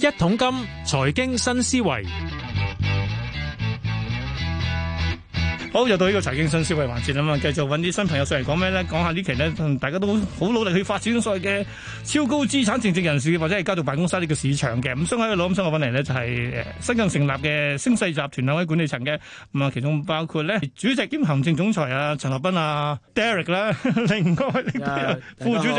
一桶金，財經新思維。好，又到呢個財經新消費環節啦嘛，繼續揾啲新朋友上嚟，講咩咧？講下期呢期咧，大家都好努力去發展所謂嘅超高資產淨值人士或者係家族辦公室呢個市場嘅。咁上喺度攞咁，上我揾嚟咧就係、是、誒、呃，新近成立嘅昇世集團兩位管理層嘅咁啊，其中包括咧主席兼行政總裁啊陳學彬啊 Derek 啦、啊， 另外 yeah, 副主席，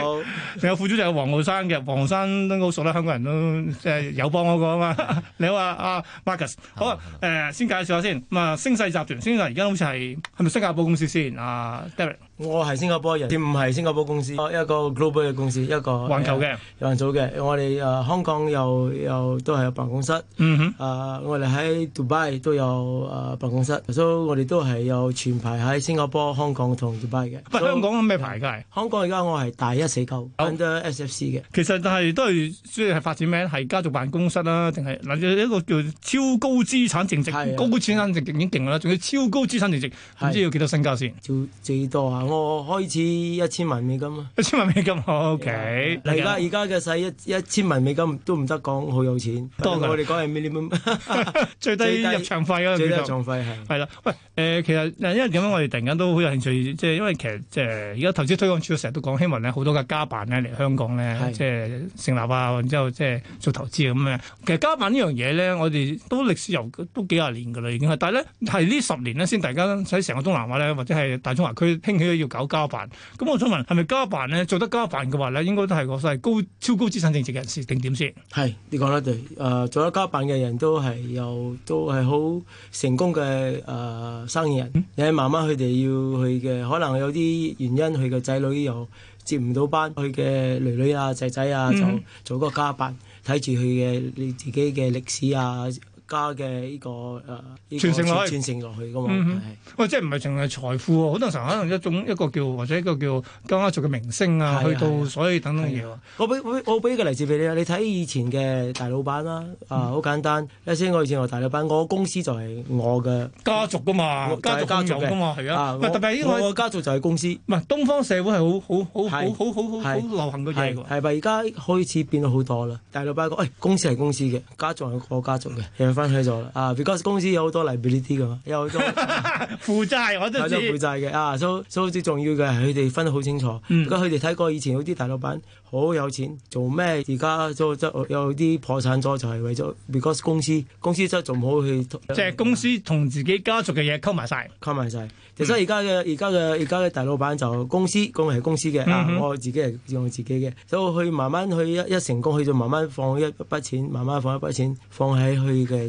仲有副主席係王傲山嘅。王傲山都好熟啦，香港人都即係友邦嗰個啊嘛。 你好啊，阿、啊、Marcus 好誒、 呃，先介紹下先咁啊，昇、嗯、世集團，昇而家好似係係咪新加坡公司先？啊、uh, Derek 我係新加坡人，唔係新加坡公司，一個 global 嘅公司，一個環球嘅、啊，有份做嘅。我哋誒、呃、香港又又都係有辦公室，嗯、呃、我哋喺 Dubai 都有誒、呃、辦公室，所以我哋都係有全排喺新加坡、香港同 Dubai 嘅。唔係香港咩牌嘅？香港而家我係大一四、哦、九 under SFC 嘅。其實但係都係需要係發展咩？係家族辦公室啦、啊，定係嗱一個叫超高資產淨值、啊、高資產淨值已經勁啦，仲要超高資產淨值，唔知要幾多少身家先？最多啊？我開始一千萬美金啊！一千萬美金，OK。嚟而家而家嘅使一一千萬美金都唔得講好有錢，當我哋講係 minimum 最低入場費的最低、最低入場費係啦。喂，誒、呃，其實因為點解我哋突然間都好有興趣，即、就、係、是、因為其實誒，而、呃、家投資推廣署成日都講，希望咧好多嘅家辦咧嚟香港咧，即係、就是、成立啊，然之後即係做投資咁啊。其實家辦呢樣嘢咧，我哋都歷史由都幾廿年㗎啦，已經係，但係咧係呢十年咧先，大家喺成個東南亞咧，或者係大中華區興起。要搞家辦，咁我想問，係咪家辦咧做得家辦嘅話咧，應該都係個都係高超高資產淨值人士定點先？係你講得對誒，做得家辦嘅人都係又都係好成功嘅誒、呃、生意人，你且慢慢佢哋要去嘅，可能有啲原因，佢嘅仔女又接唔到班，佢嘅女女啊仔仔啊就做個家辦睇住佢嘅你自己嘅歷史啊。家嘅呢個誒傳承落去，傳承落去噶嘛？哇、嗯啊！即係唔係淨係財富喎？好多時候可能一種一個叫或者一個叫家族嘅名聲啊，去到所以等等嘢。我俾我俾一個例子俾你，你看啊，你睇以前嘅大老闆啦，啊好簡單。頭先我以前係大老闆。我公司就係我嘅家族噶嘛，家族家族嘛，嘅。啊，特別係因為我嘅家族就係公司。唔係東方社會係好好好好好好好好流行嘅嘢喎。係咪而家開始變咗好多啦？大老闆講：誒、哎、公司係公司嘅，家族係我家族嘅。分開咗啦，啊，because 公司有好多嚟俾呢啲㗎嘛，有好多 負債我都知負債嘅，啊，所所以最重要嘅係佢哋分得好清楚。如果佢哋睇過以前有啲大老闆好有錢做咩，而家都都有啲破產咗，就係、是、為咗 because 公司公司真係做唔好去。即、就、係、是、公司同自己家族嘅嘢溝埋晒，溝埋晒。其實而家嘅而家嘅而家嘅大老闆就公司公司係公司嘅，啊、嗯，我自己係用我自己嘅，所以佢慢慢去一一成功，佢就慢慢放一筆錢，慢慢放一筆錢放喺佢嘅。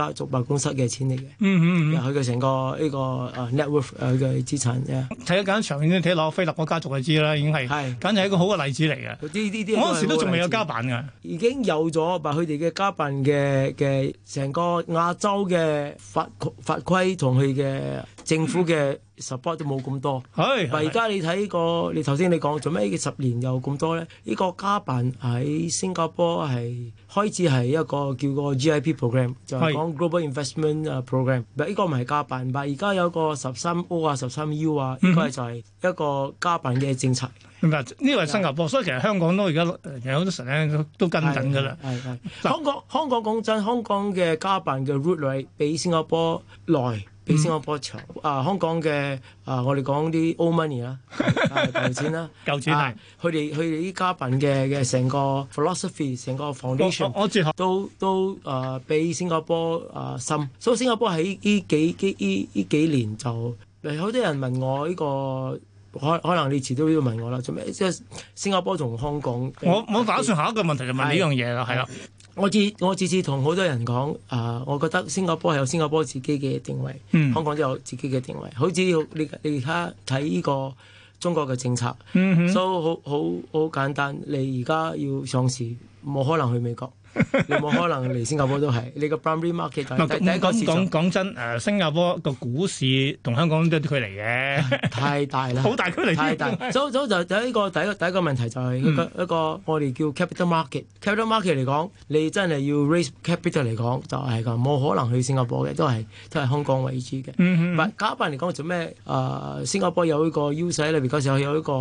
家族辦公室嘅錢嚟嘅，嗯嗯佢嘅成個呢、這個誒、uh, network 佢嘅資產啫。睇緊長遠啲，睇落菲立哥家族就知啦，已經係，係，簡直係一個好嘅例子嚟嘅。啲啲啲，我嗰時都仲未有家辦㗎，已經有咗，但佢哋嘅家辦嘅嘅成個亞洲嘅法法規同佢嘅政府嘅。嗯 support 都冇咁多，但係而家你睇個，你頭先你講做咩十年又咁多咧？呢個家辦喺新加坡係開始係一個叫做 GIP program，就係講 global investment 啊 program，但係呢個唔係家辦，但係而家有個十三 O 啊十三 U 啊，應該就係一個家辦嘅政策。唔係呢個係新加坡，所以其實香港都而家有好多成咧都跟緊㗎啦。係係。香港香港講真，香港嘅家辦嘅 root rate 比新加坡耐。俾新加坡長啊、呃，香港嘅、呃、 啊，我哋講啲 old money 啦，舊錢啦，舊主題。佢哋佢哋啲家品嘅嘅成個 philosophy，成個 foundation 我我最後都都啊，俾、呃、新加坡啊深。所、呃、以、so, 新加坡喺呢幾幾呢呢幾，幾，幾年就，好多人問我呢、這個，可可能你遲都要問我啦。做咩？即、就、係、是、新加坡同香港，我我打算下一個問題就問呢樣嘢啦，係、這、啦、個。我自我次次同好多人講，啊，我覺得新加坡係有新加坡自己嘅定位，mm. 香港都有自己嘅定位。好似你你而家睇呢個中國嘅政策，所以 mm -hmm. so, 好好好簡單。你而家要上市，冇可能去美國。 你冇可能嚟新加坡都係，你個 Bloomberg market 第一第講講真誒、啊，新加坡個股市同香港都有啲距離嘅，太大啦，好 大距離的，太大。所就就個第一個第一個問題就係一、嗯、一個我哋叫 capital market，capital market 嚟 capital 講，你真係要 raise capital 嚟講就係冇可能去新加坡嘅，都係都係香港為主嘅。唔、嗯、但、嗯、加班嚟講做咩？誒、呃，新加坡有一個優勢喺裏邊，嗰時候有一個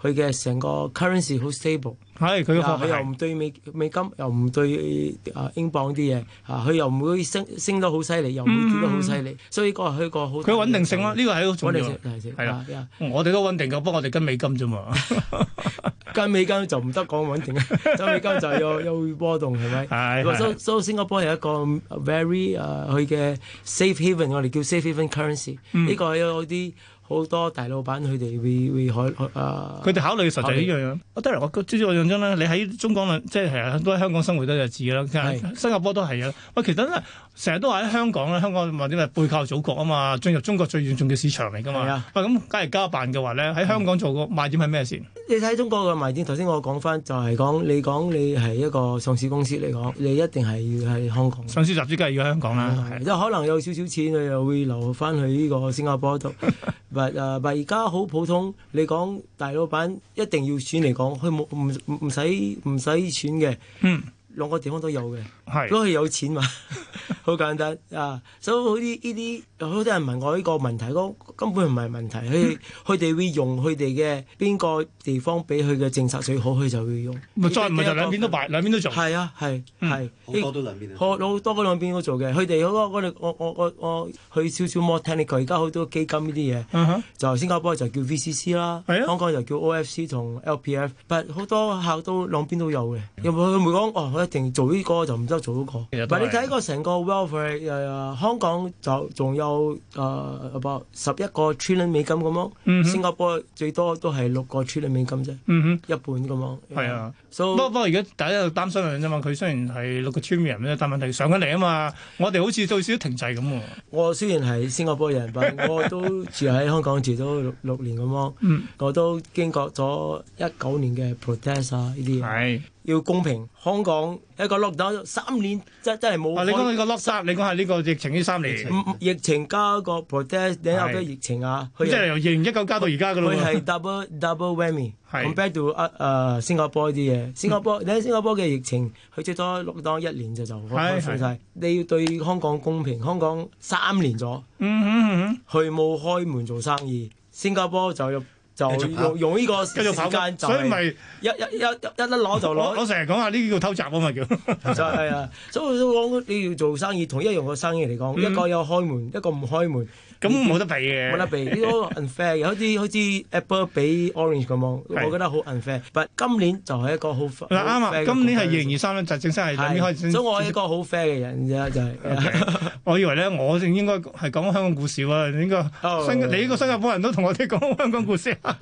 佢嘅成個 currency 好 stable。係，佢嘅貨幣又唔對美美金，又唔對啊英鎊啲嘢，啊佢又唔會升升得好犀利，又唔會跌得好犀利，所以個佢個好佢穩定性咯，呢個係好重要。係啦，我哋都穩定嘅，不過我哋跟美金啫嘛，跟美金就唔得講穩定嘅，跟美金就又又會波動係咪？係。所以所以新加坡有一個 very 啊，佢嘅 safe haven，我哋叫 safe haven currency，呢個係有啲。好多大老闆佢哋會會，會、啊、他們考誒，佢哋考慮嘅實際呢樣樣。當然我至少我認真啦。你喺中港即係係啊，都喺香港生活得日子啦，新加坡都係啊。喂，其實咧成日都話喺香港咧，香港或者係背靠祖國啊嘛，進入中國最嚴重嘅市場嚟噶嘛。咁梗係家辦嘅話咧，喺香港做個賣點係咩先？你睇中國個賣點，頭先我說、就是、講翻就係講你講你係一個上市公司嚟講，你一定係要喺香港。上市集資梗係要喺香港啦，即、啊啊、可能有少少錢佢又會留翻去呢個新加坡度。 唔係誒，唔係而家好普通。你講大老闆一定要選嚟講，佢冇唔唔使唔使選嘅。嗯。兩個地方都有嘅，如果佢有錢嘛，好簡單 啊！所以依啲好多人都問我呢個問題，根本唔係問題。佢哋佢哋會用佢哋嘅，邊個地方俾佢嘅政策最好，佢就會用。再唔係就兩邊都辦，兩邊都做。係啊，係係，嗯、好多都兩邊啊！好多都兩邊都做嘅。佢哋我我我我我我去少少 more technical 而家好多基金呢啲嘢，uh -huh. 就新加坡就叫 VCC 啦、啊，香港就叫 OFC 同 LPF，但係好多客都兩邊都有嘅。有冇佢唔講哦？定做呢個就唔得做嗰個。其實你睇過成個 welfare 誒香港就仲有誒十、uh, 一個 trillion 美金咁麼，嗯？新加坡最多都係六個 trillion 美金啫，嗯，一半咁麼？係、uh, 啊，so, 不過不過而家大家就擔心佢啫嘛。佢雖然係六個 trillion 咧，但問題上緊嚟啊嘛。我哋好似最少都停滯咁。我雖然係新加坡人， 但係我都住喺香港住咗六六年嘅麼、uh, 嗯？我都經過咗一九年嘅 protest 啊、uh, 呢啲嘢。係要公平，香港一個 lock down 三年真真係冇。你講呢個 lock down 你講下呢個疫情呢三年。疫情加個 protest，你睇下啲疫情啊，佢即係由二零一九加到而家嘅咯。佢係 double double whammy，compare to 新加坡啲嘢。新加坡你睇、嗯、新加坡嘅疫情，佢最多 lock down 一年就就封曬。你要對香港公平，香港三年咗，佢、嗯、冇、嗯嗯嗯、開門做生意，新加坡就就用續用呢個繼續跑間，所以咪一一一一一攞就攞。我成日講下呢叫偷襲啊嘛叫。就係、是、啊、 就是，所以我你要做生意，同一樣嘅生意嚟講、嗯，一個有開門，一個唔開門。咁、嗯、冇得比嘅，冇得比，呢 個 unfair，有啲好似 Apple 比 Orange 咁樣，我覺得好 unfair。但今年就係一個好，嗱啱啊，今年係二零二三，就正式係啱啱開始。 所以我係一個好 fair 嘅人啫，就係、是。Okay, 我以為咧，我正應該係講香港故事喎， 應該新、oh, 你呢個新加坡人都同我哋講香港故事。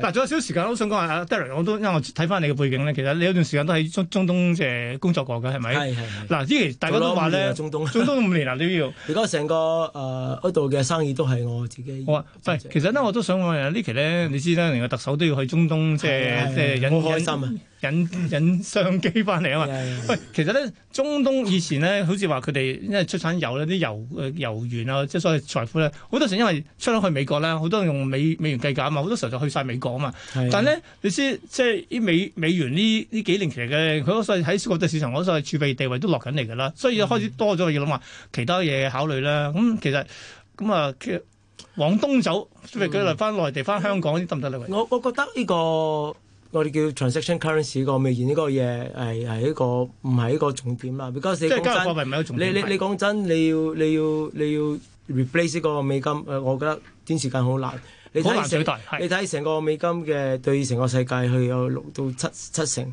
嗱，仲有少少時間，我想講下阿 Derick，我都因為我睇翻你嘅背景咧，其實你有段時間都喺中中東即係、呃、工作過嘅，係咪？係係。嗱，呢期大家都話咧，中東五年啦都要，而家成個誒嗰度嘅生意都係我自己。我唔係，其實咧我都想講呢期咧、嗯、你知啦，連個特首都要去中東，即係即係，好開、呃、心，心啊！引引相機翻嚟啊嘛！喂、啊啊啊，其實咧，中東以前咧，好似話佢哋因為出產油呢啲油誒油元啊，即係所謂財富咧，好多時因為出咗去，去美國啦，好多人用美美元計價啊嘛，好多時候就去晒美國啊嘛。啊但呢，咧，你知即係啲美美元呢呢幾年期嘅，佢都所喺國際市場，我所謂儲備地位都落緊嚟㗎啦。所以開始多咗、嗯、要諗下其他嘢考慮啦。咁、嗯、其實咁啊、嗯嗯，往東走，不如舉例翻內地，翻香港得唔得咧？我我覺得呢、呢個。我哋叫 transaction currency、個美元呢個嘢係係一個唔係一個重點嘛，你家陣時家陣唔係重點。你你你講真，你要你要你要 replace 個美金，我覺得短時間好難。好難取代。係。你睇成個美金嘅對成個世界去有六到七七成。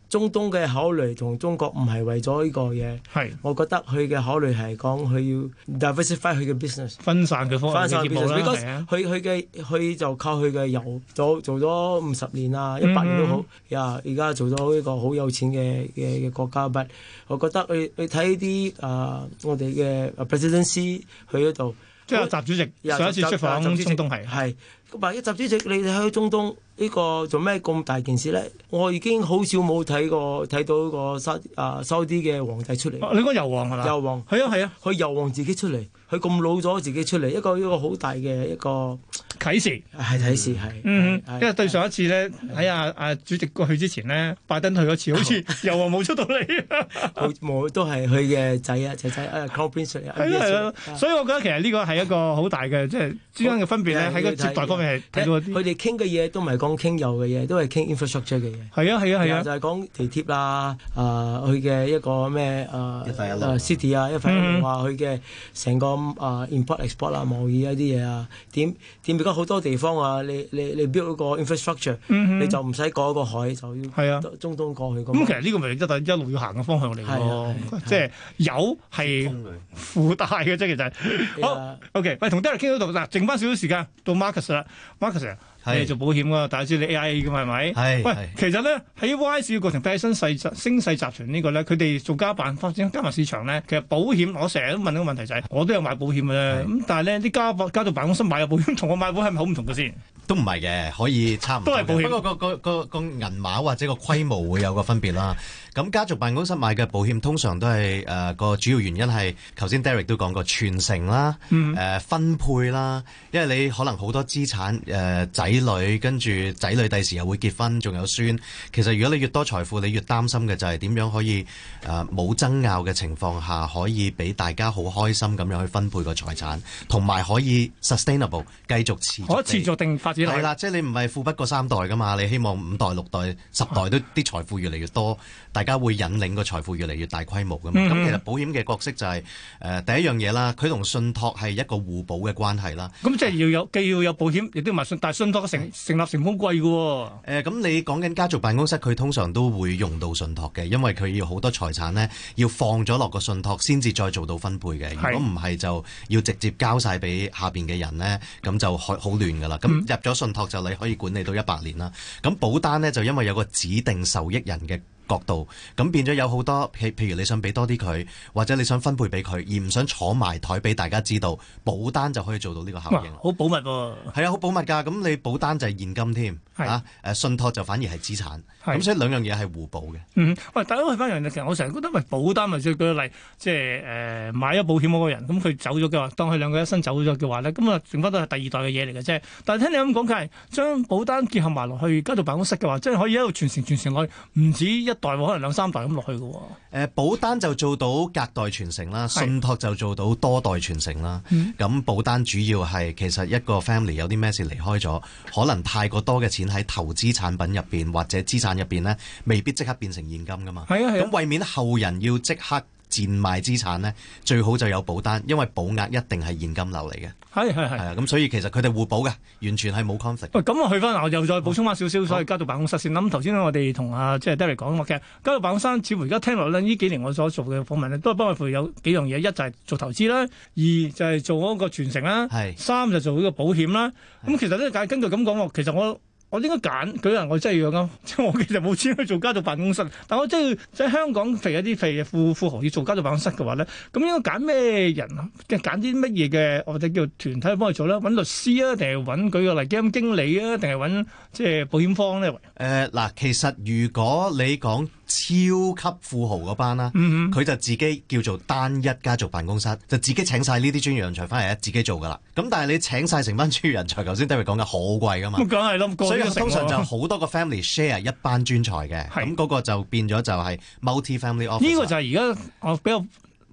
中東嘅考慮同中國唔係為咗呢個嘢，我覺得佢嘅考慮係講佢要 diversify 佢嘅 business，分散佢嘅風險。分散佢佢嘅佢就靠佢嘅油做做咗五十年啊，一百年都好。啊、嗯，而、yeah, 家做咗呢個好有錢嘅嘅國家，但我覺得佢佢睇啲啊，uh, 我哋嘅 presidency 去嗰度，即係習主席上一次出訪中東係係。唔係，習主席，你哋喺中東呢個做咩咁大件事咧？我已經好少冇睇過睇到個沙啊沙地嘅皇帝出嚟、啊。你講油王係嘛？油王係啊係啊，佢油、啊、王自己出嚟，佢咁老咗自己出嚟，一個一個好大嘅一個,一個啟示。係啟示係。因為、嗯嗯、對上一次咧，喺阿阿主席過去之前咧，拜登去嗰次好似油王冇出到嚟，冇 都係佢嘅仔啊仔仔啊所以我覺得其實呢個係一個好大嘅即係之間嘅分別咧，喺個接待方。佢哋傾嘅嘢都唔係講傾油嘅嘢，都係傾 infrastructure 嘅嘢。係啊係啊係啊，啊啊就係講地鐵啦，誒佢嘅一個咩誒誒 city 啊，一帶一路啊，佢嘅成個誒、呃、import export 啊，貿易一啲嘢啊，點點而家好多地方啊，你你你 build 個 infrastructure，嗯嗯你就唔使過一個海就要。係啊，中東過去咁。咁、嗯嗯、其實呢個咪一都一路要行嘅方向嚟咯，即係油係附帶嘅啫，其實，啊啊其實啊。好 OK，喂，同 Debbie 傾到度嗱，剩翻少少時間到 Marcus 啦。Marcus 啊，你做保險噶，大家知你 AIA 嘅嘛，係咪？喂，其實咧喺 Y 市嘅過程，昇世集昇世集團個呢個咧，佢哋做家辦，發展加埋市場咧。其實保險，我成日都問個問題就係、是，我都有買保險嘅咧。咁但係咧，啲家辦加到辦公室買嘅保險，同我買保險係咪好唔同嘅先？都唔係嘅，可以差唔多都係保險，不過個個個個銀碼或者個規模會有個分別啦。 咁家族辦公室買嘅保險通常都係誒、呃、個主要原因係，頭先 Derek 都講過傳承啦，誒、嗯呃、分配啦，因為你可能好多資產誒仔、呃、女跟住仔女第時又會結婚，仲有孫。其實如果你越多財富，你越擔心嘅就係點樣可以誒冇、呃、爭拗嘅情況下，可以俾大家好開心咁樣去分配個財產，同埋可以 sustainable 繼續持續。可持續定發展？係啦，即、就、係、是、你唔係富不過三代㗎嘛？你希望五代六代十代都啲財富越嚟越多。大家會引領個財富越嚟越大規模噶嘛？咁、嗯嗯、其實保險嘅角色就係、是、誒、呃、第一樣嘢啦，佢同信託係一個互補嘅關係啦。咁即係要有、啊、既要有保險，亦都唔係信，但係信託成成立成本好貴噶。誒、呃，咁你講緊家族辦公室，佢通常都會用到信託嘅，因為佢要好多財產咧，要放咗落個信託先至再做到分配嘅。如果唔係，要就要直接交晒俾下邊嘅人咧，咁就好好亂噶啦。咁、嗯、入咗信託就你可以管理到一百年啦。咁保單咧就因為有個指定受益人嘅。角度咁變咗有好多譬，譬如你想俾多啲佢，或者你想分配俾佢，而唔想坐埋台俾大家知道，保單就可以做到呢個效應。好保密喎，係啊，好、啊、保密㗎。咁你保單就係現金添嚇，誒、啊、信託就反而係資產，咁所以兩樣嘢係互補嘅、嗯。喂，大家去第一樣咧，其實我成日覺得，咪保單咪最舉例，即係誒買咗保險嗰個人，咁佢走咗嘅話，當佢兩個一生走咗嘅話咧，咁啊剩翻都係第二代嘅嘢嚟嘅啫。但係聽你咁講，佢係將保單結合埋落去，加到辦公室嘅話，即係可以喺度傳承傳承落去，唔止一。代可能兩三代咁落去喎、啊呃，保單就做到隔代傳承啦，啊、信託就做到多代傳承啦。咁、嗯、保單主要係其實一個 family 有啲咩事離開咗，可能太過多嘅錢喺投資產品入面，或者資產入面呢，未必即刻變成現金㗎嘛。咁、啊啊、為免後人要即刻賤賣資產呢，最好就有保單，因為保額一定係現金流嚟嘅，係係係。係啊，咁所以其實佢哋互補嘅，完全係冇 conflict。喂，咁我去翻嗱，我又再補充翻少少，所以家族辦公室先，咁頭先，我哋同阿即係 Darry 講嘅家族辦公室，似乎而家聽落咧呢幾年我所做嘅訪問咧，都係包括有幾樣嘢，一就係、是、做投資啦，二就係、是、做嗰個傳承啦，三就是、做呢個保險啦。咁、嗯、其實咧，緊根據咁講喎，其實我。我應該揀舉人，我真係要咁，即係我其實冇錢去做家族辦公室。但我真係喺香港肥一啲肥嘅富富豪要做家族辦公室嘅話咧，咁應該揀咩人？即係揀啲乜嘢嘅，或者叫團體幫佢做咧？揾律師啊，定係揾舉個例基金經理啊，定係揾即係保險方咧？誒、呃、嗱，其實如果你講，超級富豪嗰班啦，佢、嗯、就自己叫做單一家族辦公室，就自己請晒呢啲專業人才翻嚟，自己做噶啦。咁但係你請晒成班專業人才，頭先 David 講嘅好貴噶嘛。咁梗係啦，所以通常就好多個 family share 一班專才嘅。咁嗰、嗰個就變咗就係 multi family office。呢、呢個就係而家比較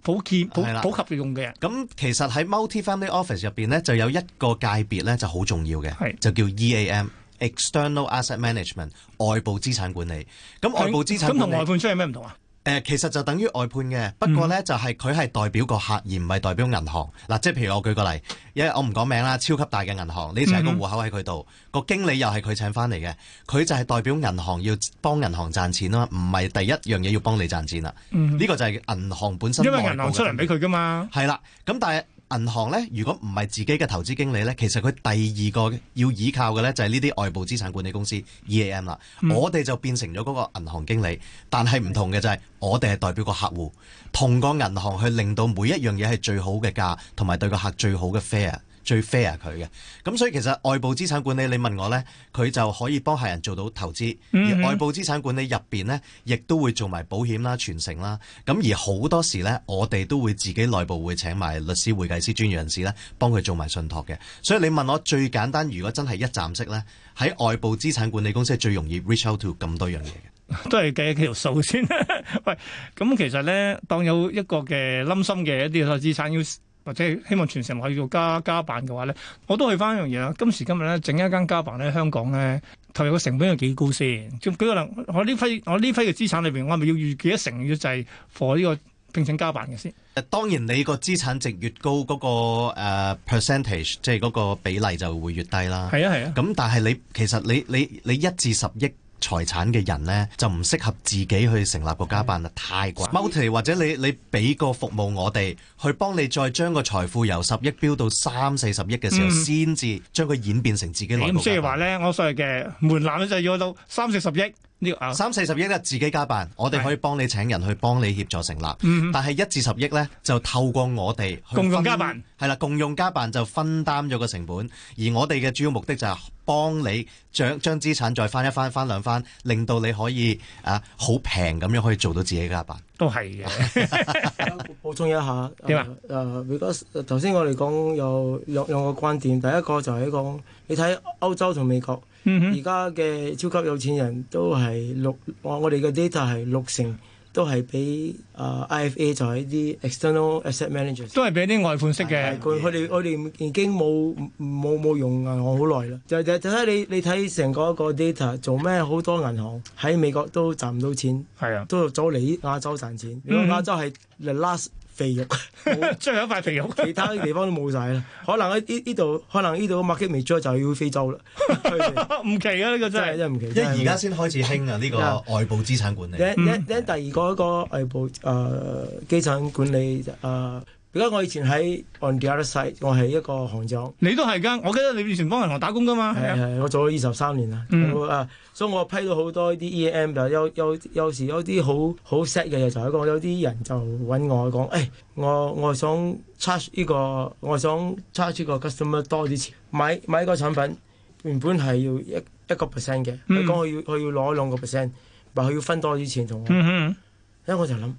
普遍、普普及用嘅。咁其實喺 multi family office 入邊咧，就有一個界別咧，就好重要嘅，就叫 EAM。external asset management，外部資產管理。咁外部資產同外判商有咩唔同啊？誒，其實就等於外判嘅，不過咧就係佢係代表個客而唔係代表銀行。嗱，即係譬如我舉個例，因為我唔講名啦，超級大嘅銀行，你成個戶口喺佢度，個經理又係佢請翻嚟嘅，佢就係代表銀行要幫銀行賺錢啦，唔係第一樣嘢要幫你賺錢啦。呢個就係銀行本身的。因為銀行出嚟俾佢㗎嘛。係啦，咁但係。銀行呢，如果唔係自己嘅投資經理呢，其實佢第二個要依靠嘅呢，就係呢啲外部資產管理公司 EAM 啦、嗯。我哋就變成咗嗰個銀行經理，但係唔同嘅就係、是、我哋係代表個客戶，同個銀行去令到每一樣嘢係最好嘅價，同埋對個客最好嘅 fair。最 fair 佢嘅。咁所以其實外部資產管理你問我咧，佢就可以幫客人做到投資，而外部資產管理入邊咧，亦都會做埋保險啦、傳承啦。咁而好多時咧，我哋都會自己內部會請埋律師會計師專業人士咧，幫佢做埋信託嘅。所以你問我最簡單，如果真係一站式咧，喺外部資產管理公司係最容易 reach out to 咁多樣嘢嘅。都係計一條數先。 喂，咁其實咧，當有一個嘅冧心嘅一啲資產要。或者希望全程可以做家家辦嘅話咧，我都去翻一樣嘢啦。今時今日咧，整一間家辦咧，香港咧投入嘅成本有幾高先？舉個例，我呢批我呢批嘅資產裏邊，我係咪要預幾多成要就係貨呢個申請家辦嘅先？誒，當然你個資產值越高，嗰、嗰個、uh, percentage，即係嗰個比例就會越低啦。係啊係啊。咁、啊、但係你其實你你你一至十億。財產嘅人咧，就唔適合自己去成立個家辦啦，太貴。multi、嗯、或者你你俾個服務我哋，去幫你再將個財富由十億飆到三四十億嘅時候，先至將佢演變成自己嘅內部家辦。咁即係話咧，我所謂嘅門檻咧就是要到三四十億。呢三四十億咧自己家辦，我哋可以幫你請人去幫你協助成立。但係一至十億咧就透過我哋共用家辦，係啦，共用家辦就分擔咗個成本。而我哋嘅主要目的就係幫你將將資產再翻一翻，翻兩翻，令到你可以啊好平咁樣可以做到自己嘅家辦。都係嘅。補 充一下，誒、呃，如果頭先我哋講有兩兩個觀點，第一個就係講、這個、你睇歐洲同美國。而家嘅超級有錢人都係六，我我哋嘅 data 係六成都係俾啊 IFA，就係啲 external asset managers，都係俾啲外判式嘅。佢哋我哋已經冇冇冇用銀行好耐啦。就就睇你你睇成個一個 data，做咩好多銀行喺美國都賺唔到錢，係啊，都走嚟亞洲賺錢。亞洲係 last。肥肉， 最後一塊肥肉，其他啲地方都冇晒啦。可能呢呢度，可能呢度 market 未追，就要非洲啦。唔 奇啊，呢、這個真係真係唔奇，因為而家先開始興啊呢、這個外部資產管理。你、嗯嗯、第二個一、那個外部誒資、呃、產管理誒。呃而家我以前喺 on the other side，我係一個行長。你都係噶，我記得你以前幫銀行打工噶嘛？係啊，我做咗二十三年啦。啊、嗯，uh, 所以我批到好多啲 E M，就有有有時有啲好好 s e t 嘅嘢就係講，有啲人就揾我講，誒，我、欸、我，我想 charge 呢個，我想 charge 呢個 customer 多啲錢，買買個產品原本係要一一個 percent 嘅，佢講佢要佢要攞兩個 percent，話佢要分多啲錢同我。因為、嗯嗯、我就諗。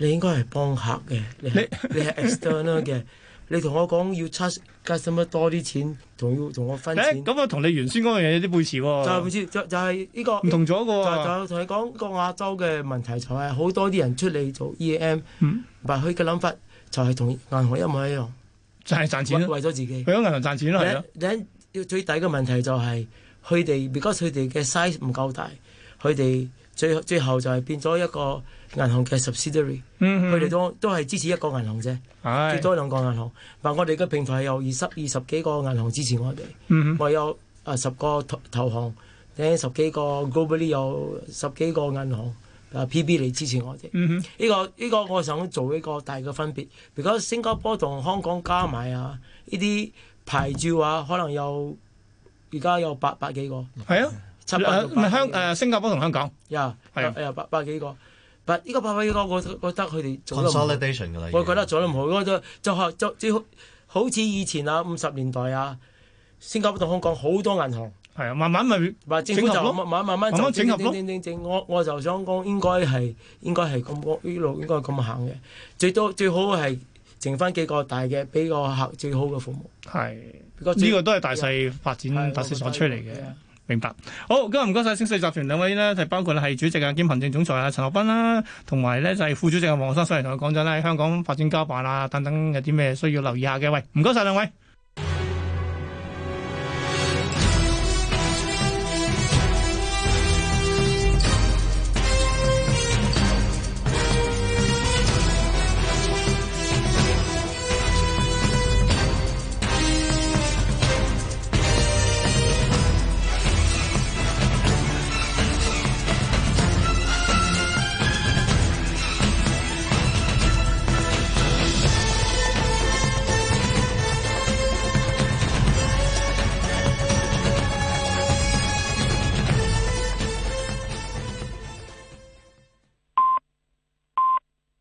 你應該係幫客嘅，你你係 external 嘅， 你同我講要 charge 加使乜多啲錢，仲要同我分錢。咁、欸、我同你原先嗰樣有啲背詞喎。就係、是、背就就係、是、呢、這個。唔同咗喎。就係同你講個亞洲嘅問題，就係好多啲人出嚟做 EAM，唔係佢嘅諗法就係同銀行一模一樣，就係、是、賺錢咯，為咗自己。去咗銀行賺錢咯，係咯。最底嘅問題就係佢哋，如果佢哋嘅 size 唔夠大，佢哋。最最後就係變咗一個銀行嘅 subsidiary，佢哋、mm -hmm. 都都係支持一個銀行啫，Aye. 最多兩個銀行。但我哋嘅平台有二十二十幾個銀行支持我哋，mm -hmm. 我有啊十個投投行，有十幾個 globally 有十幾個銀行啊 PB 嚟支持我哋。呢、mm -hmm. 這個呢、呢個我想做一個大嘅分別。如果新加坡同香港加埋啊，呢啲牌照啊，可能有而家有八百幾個。係啊。唔係香誒新加坡同香港，有係有百百幾個，呢個百百幾個我，我覺得佢哋做 consolidation 我覺得唔好咯，就就就最好好似以前啊五十年代啊，新加坡同香港好多銀行，係啊，慢慢咪，話政府就慢慢慢慢整合，整合，我我就想講應該係應該係咁講，呢路應該咁行嘅，最多最好係剩翻幾個大嘅，俾個客最好嘅服務。係，呢、這個都係大細發展 yeah, 特色所出嚟嘅。明白好，今日唔該晒昇世集團兩位呢就包括咧係主席啊兼行政總裁啊陳學彬啦，同埋呢就係副主席啊王生，上嚟同我講咗呢香港發展家辦啊等等有啲咩需要留意一下嘅，喂，唔該晒兩位。